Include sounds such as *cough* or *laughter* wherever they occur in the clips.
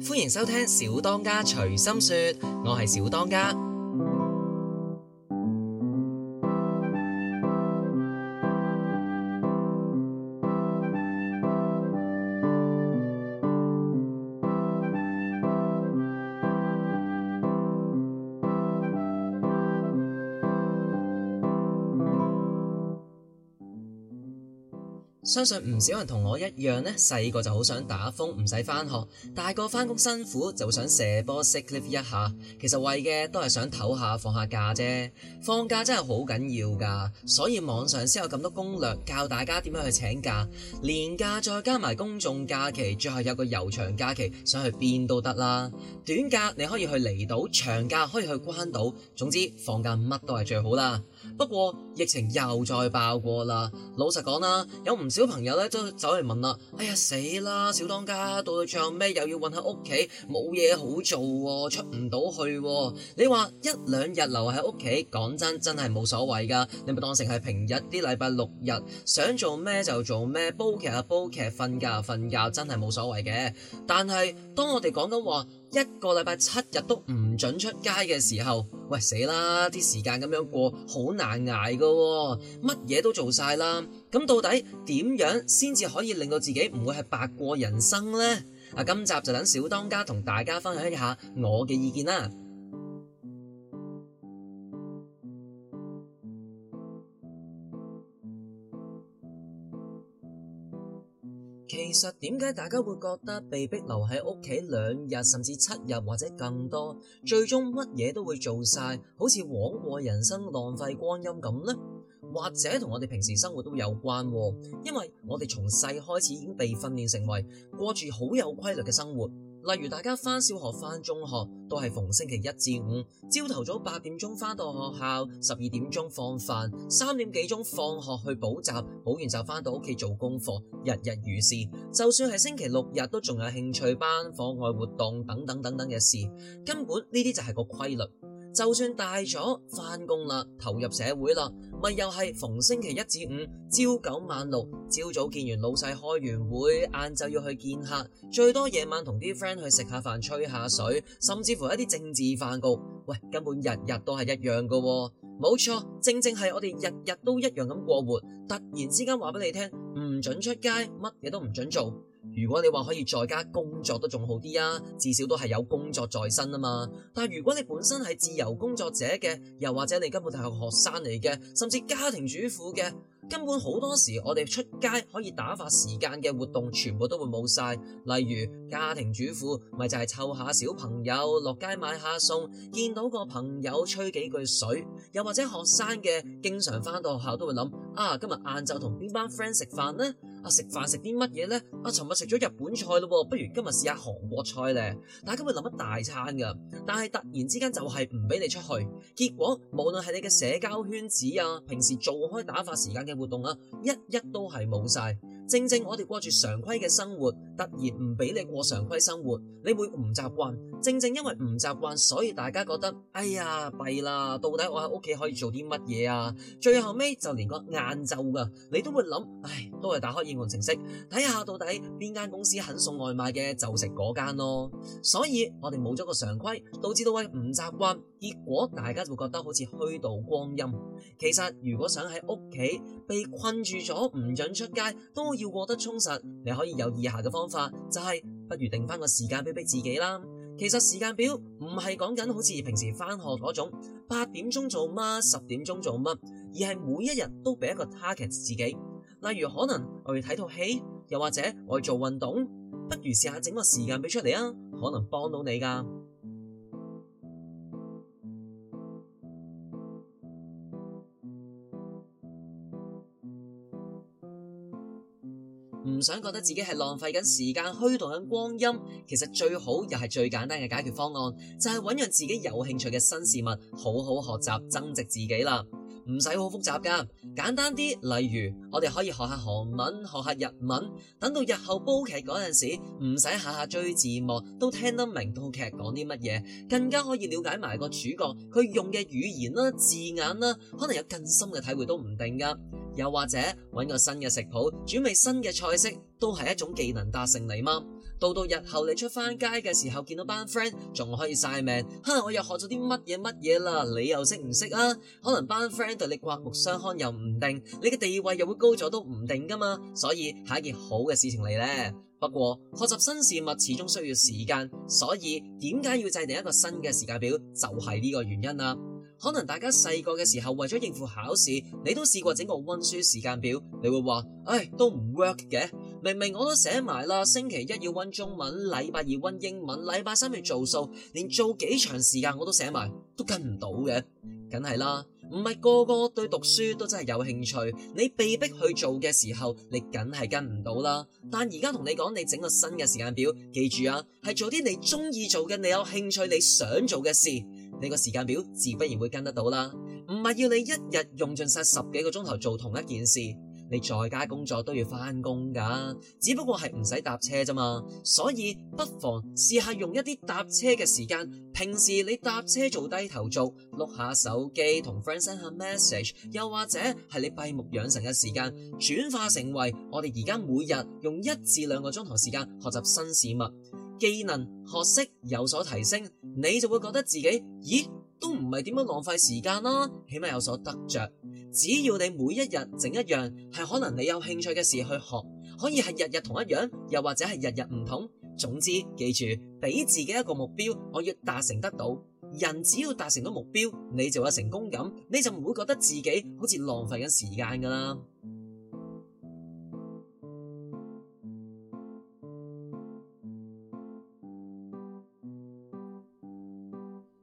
歡迎收聽《小當家隨心說》，我係小當家。相信唔少人同我一樣咧，細個就好想打風唔使返學，大個返工辛苦就想射波 sick leave 一下。其實為嘅都係想唞下放下假啫。放假真係好緊要㗎，所以網上先有咁多攻略教大家點樣去請假。年假再加埋公眾假期，最後有個悠長假期，想去邊都得啦。短假你可以去離島，長假可以去關島，總之放假乜都係最好啦。不過疫情又再爆過啦，老實講啦，有唔少朋友呢都走嚟問啦，哎呀死啦，小當家，到底仲有咩又要韞喺屋企，冇嘢好做喎，出唔到去喎，你話一兩日留喺屋企，講真真係冇所謂㗎，你咪當成係平日啲禮拜六日，想做咩就做咩，煲劇啊煲劇，瞓覺啊瞓覺，真係冇所謂嘅。但係當我哋講緊話，一個禮拜七日都唔準出街嘅時候，喂，死啦！啲時間咁樣過好難捱㗎喎，哦，乜嘢都做曬啦。咁到底點樣先至可以令到自己唔會係白過人生呢？啊，今集就等小當家同大家分享一下我嘅意見啦。其實點解大家會覺得被逼留喺屋企兩日甚至七日或者更多，最終乜嘢都會做晒，好似枉過人生、浪費光陰咁呢？或者同我哋平時生活都有關喎，因為我哋從細開始已經被訓練成為過住好有規律嘅生活。例如大家返小學、返中學都係逢星期一至五，朝頭早八點鐘返到學校，十二點鐘放飯，三點幾鐘放學去補習，補完就返到屋企做功課，日日如是。就算係星期六日都仲有興趣班、課外活動等等等等嘅事，根本呢啲就係個規律。就算大咗，翻工啦，投入社會啦，咪又係逢星期一至五，朝九晚六，朝早見完老細開完會，晏晝就要去見客，最多夜晚同啲 friend 去食下飯，吹下水，甚至乎一啲政治飯局。喂，根本日日都係一樣㗎喎，冇錯，正正係我哋日日都一樣咁過活。突然之間話俾你聽，唔准出街，乜嘢都唔准做。如果你話可以在家工作都仲好啲啊，至少都係有工作在身啊嘛。但如果你本身係自由工作者嘅，又或者你根本係個學，學生嚟嘅，甚至家庭主婦嘅。根本好多時，我哋出街可以打發時間嘅活動，全部都會冇晒。例如家庭主婦咪就係湊下小朋友落街買下餸，見到個朋友吹幾句水，又或者學生嘅經常翻到學校都會諗啊，今日晏晝同邊班 friend 食飯呢？啊食飯食啲乜嘢呢？啊尋日食咗日本菜咯，不如今日試下韓國菜呢。大家會諗一大餐噶，但係突然之間就係唔俾你出去，結果無論係你嘅社交圈子啊，平時做開打發時間嘅。活動啊，一一都係冇曬。正正我哋過住常規嘅生活，突然唔俾你過常規生活，你會唔習慣？正正因為唔習慣，所以大家覺得哎呀弊啦，到底我喺屋企可以做啲乜嘢啊？最後尾就連個晏晝噶，你都會諗，唉，都係打開應用程式睇下到底邊間公司肯送外賣嘅就食嗰間咯。所以我哋冇咗個常規，導致到喂唔習慣，結果大家就會覺得好似虛度光陰。其實如果想喺屋企被困住咗，唔准出街，都。要過得充實，你可以有以下嘅方法，就係、是、不如定翻個時間表俾自己啦。其實時間表唔係講緊好似平時翻學嗰種，八點鐘做乜，十點鐘做乜，而係每一日都俾一個 target 自己。例如可能我要睇套戲，又或者我要做運動，不如試下整個時間俾出嚟啊，可能幫到你噶。唔想覺得自己係浪費緊時間、虛度緊光陰，其實最好又係最簡單嘅解決方案，就係揾樣自己有興趣嘅新事物，好好學習增值自己啦。唔使好複雜㗎，簡單啲，例如我哋可以學下韓文、學下日文，等到日後煲劇嗰陣時，唔使下下追字幕都聽得明套劇講啲乜嘢，更加可以了解埋個主角佢用嘅語言啦、啊、字眼啦、啊，可能有更深嘅體會都唔定㗎。又或者揾個新嘅食譜，準備新嘅菜式，都係一種技能達成你嗎？到到日後你出翻街嘅時候，見到班 friend 仲可以晒命，哈！我又學咗啲乜嘢乜嘢啦？你又識唔識啊？可能班 friend 對你刮目相看又唔定，你嘅地位又會高咗都唔定噶嘛，所以係一件好嘅事情嚟呢。不過學習新事物始終需要時間，所以點解要制定一個新嘅時間表，就係、是、呢個原因啦、啊。可能大家細個嘅時候為咗應付考試，你都試過整個溫書時間表，你會話：唉，都唔 work 嘅。明明我都寫埋啦，星期一要溫中文，禮拜二溫英文，禮拜三去做數，連做幾長時間我都寫埋，都跟唔到嘅。梗係啦，唔係個個對讀書都真係有興趣。你被逼去做嘅時候，你梗係跟唔到啦。但而家同你講，你整個新嘅時間表，記住啊，係做啲你中意做嘅，你有興趣、你想做嘅事。你個時間表自不然會跟得到啦，唔係要你一日用盡晒十幾個鐘頭做同一件事。你在家工作都要返工㗎，只不過係唔使搭車咋嘛。所以不妨試下用一啲搭車嘅時間，平時你搭車做低頭族，碌下手機同 friend send 下 message，又或者係你閉目養神嘅時間，轉化成為我哋而家每日用一至兩個鐘頭時間學習新事物。技能學識有所提升，你就會覺得自己咦都唔係點樣浪費時間啦，起碼有所得着。只要你每一日整一樣，係可能你有興趣嘅事去學，可以係日日同一樣，又或者係日日唔同。總之記住，俾自己一個目標，我要達成得到。人只要達成到目標，你就有成功感，你就唔會覺得自己好似浪費緊時間噶啦。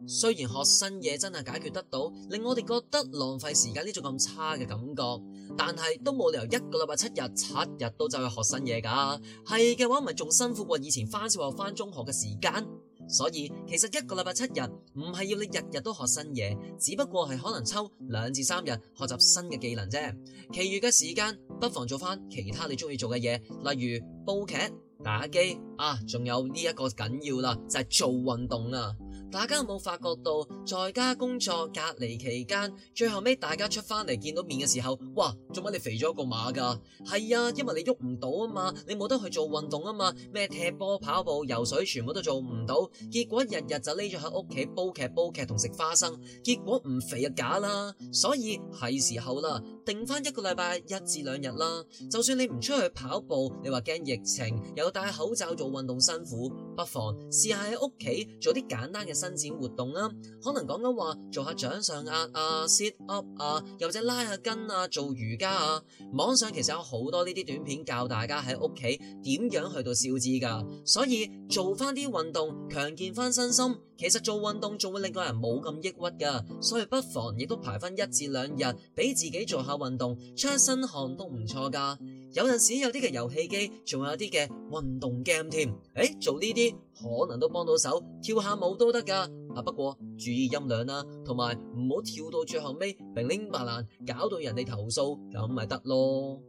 雖然學新嘢真係解決得到，令我哋覺得浪費時間呢種咁差嘅感覺，但係都冇理由一個禮拜七日七日都走去學新嘢㗎、啊。係嘅話，咪仲辛苦過以前返小學、返中學嘅時間。所以其實一個禮拜七日唔係要你日日都學新嘢，只不過係可能抽兩至三日學習新嘅技能啫。其餘嘅時間不妨做返其他你中意做嘅嘢，例如煲劇、打機啊，仲有呢一個緊要啦，就係、是、做運動啊。大家有冇發覺到，在家工作隔離期間，最後尾大家出翻嚟見到面嘅時候，哇，做乜你肥咗個碼㗎？係啊，因為你喐唔到啊嘛，你冇得去做運動啊嘛，咩踢波、跑步、游水，全部都做唔到。結果日日就匿咗喺屋企煲劇、煲劇同食花生，結果唔肥就、啊、假啦。所以係時候啦，定翻一個禮拜一至兩日啦。就算你唔出去跑步，你話驚疫情，又戴口罩做運動辛苦，不妨試下喺屋企做啲簡單嘅。伸展活動啊，可能講緊話做下掌上壓啊、sit up 啊，又或者拉下筋啊、做瑜伽啊。網上其實有好多呢啲短片教大家喺屋企點樣去到消脂噶，所以做翻啲運動，強健翻身心。其實做運動仲會令個人冇咁抑鬱噶，所以不妨亦都排翻一至兩日俾自己做下運動，出一身汗都唔錯噶。有陣時有啲嘅遊戲機仲有啲嘅運動 game 添，誒、欸，做呢啲可能都幫到手，跳下舞都得㗎。啊，不過注意音量啦、啊，同埋唔好跳到最後尾零零白爛，搞到人哋投訴咁咪得咯。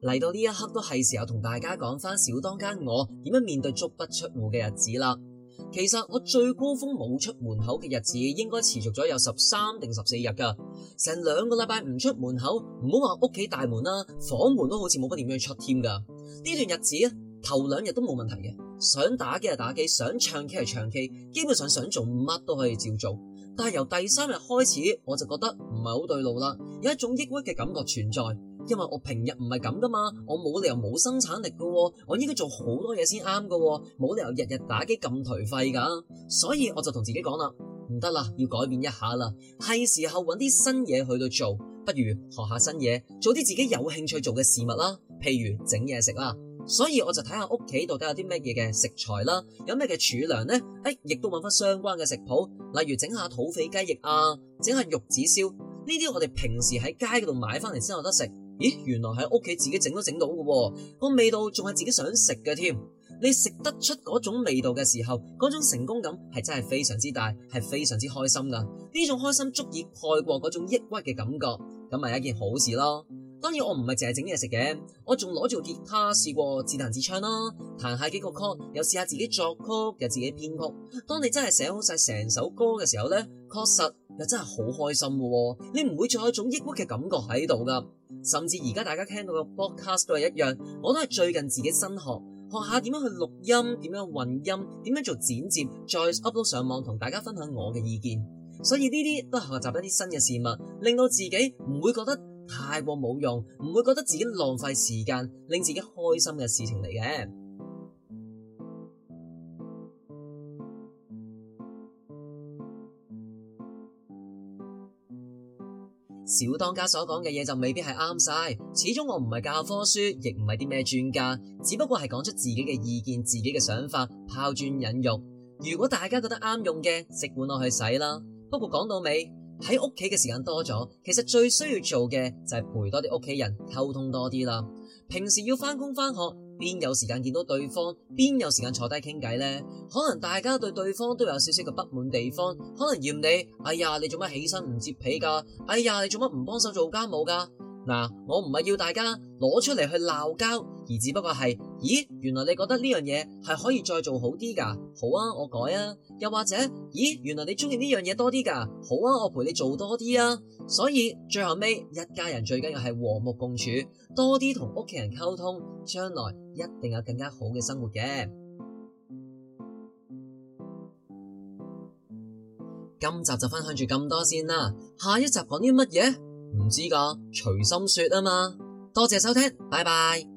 嚟到呢一刻都係時候同大家講返小當家我點樣面對足不出戶嘅日子啦。其實我最高峰冇出門口嘅日子，應該持續咗有十三定十四日噶，成兩個禮拜唔出門口，唔好話屋企大門啦、啊，房門都好似冇乜點樣出添噶。呢段日子啊，頭兩日都冇問題嘅，想打機就打機，想唱 K 就唱 K，基本上想做乜都可以照做。但係由第三日開始，我就覺得唔係好對路啦，有一種抑鬱嘅感覺存在。因為我平日唔係咁噶嘛，我冇理由冇生產力噶、哦，我應該做好多嘢先啱噶，冇理由日日打機咁頹廢噶。所以我就同自己講啦，唔得啦，要改變一下啦，係時候揾啲新嘢去到做，不如學下新嘢，做啲自己有興趣做嘅事物啦。譬如整嘢食啦，所以我就睇下屋企到底有啲咩嘢嘅食材啦，有咩嘅儲糧呢？誒、哎，亦都揾翻相關嘅食譜，例如整下土匪雞翼啊，整下玉子燒呢啲，我哋平時喺街嗰度買翻嚟先有得食。咦，原來喺屋企自己整都整到嘅，個味道仲係自己想食嘅添。你食得出嗰種味道嘅時候，嗰種成功感係真係非常之大，係非常之開心噶。呢種開心足以蓋過嗰種抑鬱嘅感覺，咁咪一件好事咯。當然我唔係淨係整嘢食嘅，我仲攞住吉他試過自彈自唱啦，彈下幾個歌，又試下自己作曲又自己編曲。當你真係寫好晒成首歌嘅時候呢，確實。又真係好開心嘅，啊，你唔會再有一種抑鬱嘅感覺喺度噶。甚至而家大家聽到嘅 broadcast 都係一樣，我都係最近自己新學學下點樣去錄音，點樣混音，點樣做剪接，再 upload 上網同大家分享我嘅意見。所以呢啲都係學習一啲新嘅事物，令到自己唔會覺得太過冇用，唔會覺得自己浪費時間，令自己開心嘅事情嚟嘅。小當家所講嘅嘢就未必係啱晒，始終我唔係教科書，亦唔係啲咩專家，只不過係講出自己嘅意見、自己嘅想法，拋磚引玉。如果大家覺得啱用嘅，食碗落去洗啦。不過講到尾。喺屋企嘅時間多咗，其實最需要做嘅就係陪多啲屋企人，溝通多啲啦。平時要返工返學，邊有時間見到對方，邊有時間坐低傾偈呢？可能大家對對方都有少少嘅不滿地方，可能嫌你，哎呀，你做乜起身唔摺被㗎？哎呀，你做乜唔幫手做家務㗎？嗱，我唔係要大家攞出嚟去鬧交，而只不過係，咦，原來你覺得呢樣嘢係可以再做好啲噶，好啊，我改啊。又或者，咦，原來你中意呢樣嘢多啲噶，好啊，我陪你做多啲啊。所以最後尾，一家人最緊要係和睦共處，多啲同屋企人溝通，將來一定有更加好嘅生活嘅。 *noise* 今集就分享住咁多先啦，下一集講啲乜嘢？唔知㗎，隨心說吖嘛，多謝收聽，拜拜。